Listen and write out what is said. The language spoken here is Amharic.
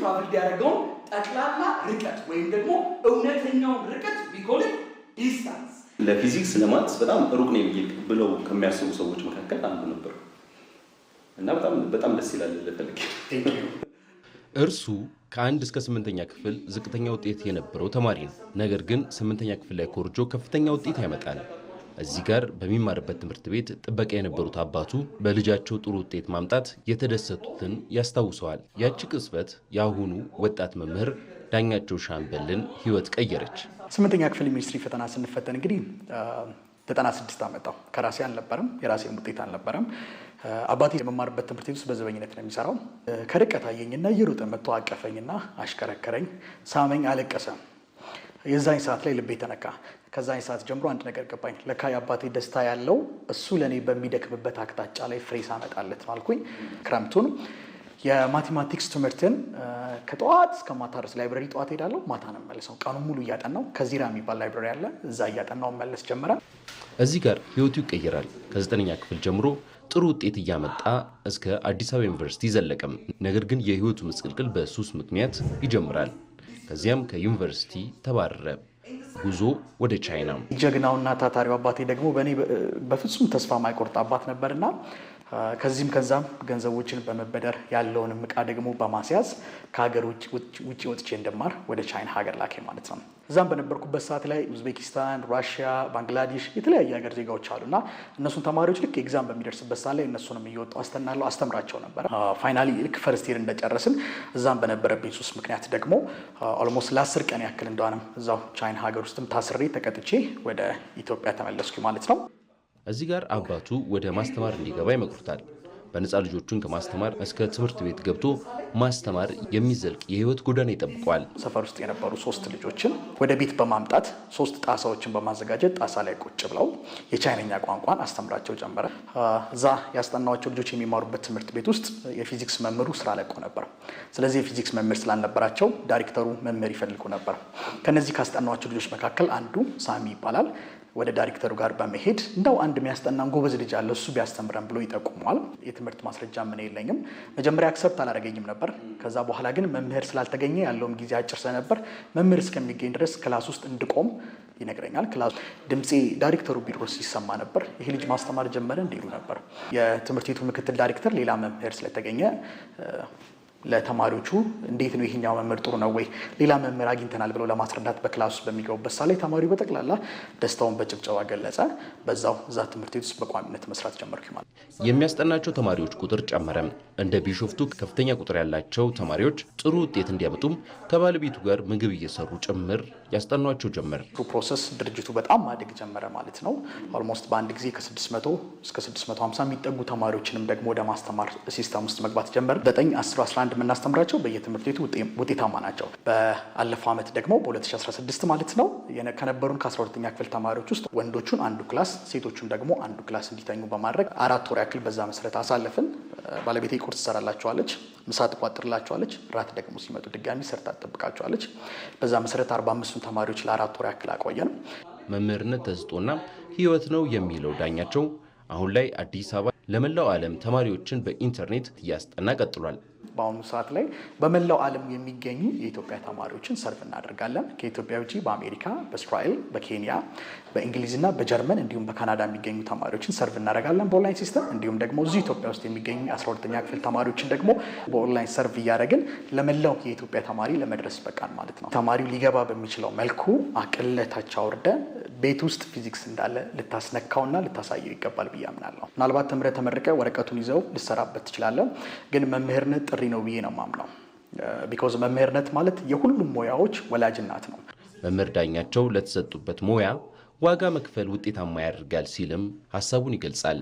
ትራቭል ያደረገውን ጠቅላላ ርቀት ወይም ደግሞ እውነተኛውን ርቀት ቢኮል ዲስታንስ ለፊዚክስ ለማትስ በጣም ሩቅ ነው ብለው ከሚያስቡ ሰዎች መካከል አንዱ ነበር እና በጣም በጣም ደስ ይላል። ለፈልግ እርሱ ከአንድ እስከ ስምንተኛ ክፍል ዝቅተኛ ውጤት የነበረው ተማሪ ነው። ነገር ግን ስምንተኛ ክፍል ላይ ኮርጆ ከፍተኛ ውጤት ያመጣል። እዚህ ጋር በሚማርበት ትምህርት ቤት ጥበቃ የነበሩት አባቱ በልጃቸው ጥሩ ውጤት ማምጣት የተደሰቱትን ያስታውሰዋል። ያቺ ቅጽበት የአሁኑ ወጣት መምህር ዳኛቸው ሻምበልን ህይወት ቀየረች። ስምንተኛ ክፍል ሚኒስትሪ ፈተና ስንፈተን እንግዲህ ዘጠና ስድስት አመጣው ከራሴ አልነበረም፣ የራሴን ውጤት አልነበረም። አባቴ የመማርበት ትምህርት ቤት ውስጥ በዘበኝነት ነው የሚሰራው። ከርቀት አየኝና እየሮጠ መጥቶ አቀፈኝና አሽከረከረኝ፣ ሳመኝ፣ አለቀሰም። የዛኝ ሰዓት ላይ ልቤ ተነካ። ከዛኝ ሰዓት ጀምሮ አንድ ነገር ገባኝ። ለካ የአባቴ ደስታ ያለው እሱ ለእኔ በሚደክምበት አቅጣጫ ላይ ፍሬ ሳመጣለት ነው አልኩኝ። ክረምቱን የማቴማቲክስ ትምህርትን ከጠዋት እስከ ማታ ድረስ ላይብረሪ ጠዋት ሄዳለሁ፣ ማታ ነው መለሰው። ቀኑን ሙሉ እያጠናው ከዚራ የሚባል ላይብረሪ አለ፣ እዛ እያጠናው መለስ ጀመረ። እዚህ ጋር ህይወቱ ይቀይራል። ከዘጠነኛ ክፍል ጀምሮ ጥሩ ውጤት እያመጣ እስከ አዲስ አበባ ዩኒቨርሲቲ ዘለቀም። ነገር ግን የህይወቱ ምስቅልቅል በሱስ ምክንያት ይጀምራል። ከዚያም ከዩኒቨርሲቲ ተባረረ። ጉዞ ወደ ቻይና። ጀግናውና ታታሪው አባቴ ደግሞ በእኔ በፍጹም ተስፋ ማይቆርጥ አባት ነበርና ከዚህም ከዛም ገንዘቦችን በመበደር ያለውን እቃ ደግሞ በማስያዝ ከሀገር ውጭ ወጥቼ እንደማር ወደ ቻይና ሀገር ላኬ ማለት ነው። እዛም በነበርኩበት ሰዓት ላይ ኡዝቤኪስታን፣ ራሽያ፣ ባንግላዴሽ የተለያየ ሀገር ዜጋዎች አሉና እነሱን ተማሪዎች ልክ ኤግዛም በሚደርስበት ሰዓት ላይ እነሱንም እየወጡ አስተናለው አስተምራቸው ነበር። ፋይናሊ ልክ ፈርስት እንደጨረስን እዛም በነበረብኝ ሱስ ምክንያት ደግሞ ኦልሞስት ለአስር ቀን ያክል እንደሆነም እዛው ቻይና ሀገር ውስጥም ታስሬ ተቀጥቼ ወደ ኢትዮጵያ ተመለስኩ ማለት ነው። እዚህ ጋር አባቱ ወደ ማስተማር እንዲገባ ይመክሩታል። በነፃ ልጆቹን ከማስተማር እስከ ትምህርት ቤት ገብቶ ማስተማር የሚዘልቅ የህይወት ጎዳና ይጠብቋል። ሰፈር ውስጥ የነበሩ ሶስት ልጆችን ወደ ቤት በማምጣት ሶስት ጣሳዎችን በማዘጋጀት ጣሳ ላይ ቁጭ ብለው የቻይነኛ ቋንቋን አስተምራቸው ጀመረ። እዛ ያስጠናዋቸው ልጆች የሚማሩበት ትምህርት ቤት ውስጥ የፊዚክስ መምህሩ ስራ ለቆ ነበር። ስለዚህ የፊዚክስ መምህር ስላልነበራቸው ዳይሬክተሩ መምህር ይፈልጉ ነበር። ከነዚህ ካስጠናዋቸው ልጆች መካከል አንዱ ሳሚ ይባላል። ወደ ዳይሬክተሩ ጋር በመሄድ እንደው አንድ የሚያስጠናን ጎበዝ ልጅ አለ እሱ ቢያስተምረን ብሎ ይጠቁመዋል። የትምህርት ማስረጃ ምን የለኝም፣ መጀመሪያ አክሰፕት አላደረገኝም ነበር ነበር። ከዛ በኋላ ግን መምህር ስላልተገኘ ያለውም ጊዜ አጭር ስለነበር መምህር እስከሚገኝ ድረስ ክላስ ውስጥ እንድቆም ይነግረኛል። ክላስ ድምፄ ዳይሬክተሩ ቢድሮስ ሲሰማ ነበር። ይሄ ልጅ ማስተማር ጀመረ እንዲሉ ነበር። የትምህርት ቤቱ ምክትል ዳይሬክተር ሌላ መምህር ስለተገኘ ለተማሪዎቹ እንዴት ነው ይሄኛው መምህር ጥሩ ነው ወይ ሌላ መምህር አግኝተናል ብለው ለማስረዳት በክላስ ውስጥ በሚገቡበት ሳ ላይ ተማሪው በጠቅላላ ደስታውን በጭብጨባ ገለጸ። በዛው እዛ ትምህርት ቤት ውስጥ በቋሚነት መስራት ጀመርኩ ማለት የሚያስጠናቸው ተማሪዎች ቁጥር ጨመረ። እንደ ቢሾፍቱ ከፍተኛ ቁጥር ያላቸው ተማሪዎች ጥሩ ውጤት እንዲያመጡም ከባለቤቱ ጋር ምግብ እየሰሩ ጭምር ያስጠኗቸው ጀመር። ፕሮሰስ ድርጅቱ በጣም ማደግ ጀመረ ማለት ነው። ኦልሞስት በአንድ ጊዜ ከ600 እስከ 650 የሚጠጉ ተማሪዎችንም ደግሞ ወደ ማስተማር ሲስተም ውስጥ መግባት ጀመር 9 10 አንድ የምናስተምራቸው በየትምህርት ቤቱ ውጤታማ ናቸው። በአለፈው ዓመት ደግሞ በ2016 ማለት ነው ከነበሩን ከ12ኛ ክፍል ተማሪዎች ውስጥ ወንዶቹን አንዱ ክላስ ሴቶቹን ደግሞ አንዱ ክላስ እንዲተኙ በማድረግ አራት ወር ያክል በዛ መሰረት አሳለፍን። ባለቤቴ ቁርስ ትሰራላቸዋለች፣ ምሳ ትቋጥርላቸዋለች፣ ራት ደግሞ ሲመጡ ድጋሚ ሰርታ ትጠብቃቸዋለች። በዛ መሰረት 45ቱን ተማሪዎች ለአራት ወር ያክል አቆየን። መምህርነት ተስጦና ህይወት ነው የሚለው ዳኛቸው አሁን ላይ አዲስ አበባ ለመላው ዓለም ተማሪዎችን በኢንተርኔት እያስጠና ቀጥሏል። በአሁኑ ሰዓት ላይ በመላው ዓለም የሚገኙ የኢትዮጵያ ተማሪዎችን ሰርፍ እናደርጋለን። ከኢትዮጵያ ውጭ በአሜሪካ፣ በእስራኤል፣ በኬንያ፣ በእንግሊዝና በጀርመን እንዲሁም በካናዳ የሚገኙ ተማሪዎችን ሰርፍ እናደርጋለን በኦንላይን ሲስተም። እንዲሁም ደግሞ እዚሁ ኢትዮጵያ ውስጥ የሚገኙ 12 ኛ ክፍል ተማሪዎችን ደግሞ በኦንላይን ሰርፍ እያደረግን ለመላው የኢትዮጵያ ተማሪ ለመድረስ በቃን ማለት ነው። ተማሪው ሊገባ በሚችለው መልኩ አቅለታች አውርደን ቤት ውስጥ ፊዚክስ እንዳለ ልታስነካውና ልታሳየው ይገባል ብዬ አምናለሁ። ምናልባት ተምረህ ተመርቀህ ወረቀቱን ይዘው ልሰራበት ትችላለህ፣ ግን መምህርነት ጥሪ ነው ብዬ ነው የማምነው። ቢኮዝ መምህርነት ማለት የሁሉም ሙያዎች ወላጅናት ነው። መምህር ዳኛቸው ለተሰጡበት ሙያ ዋጋ መክፈል ውጤታማ ያደርጋል ሲልም ሀሳቡን ይገልጻል።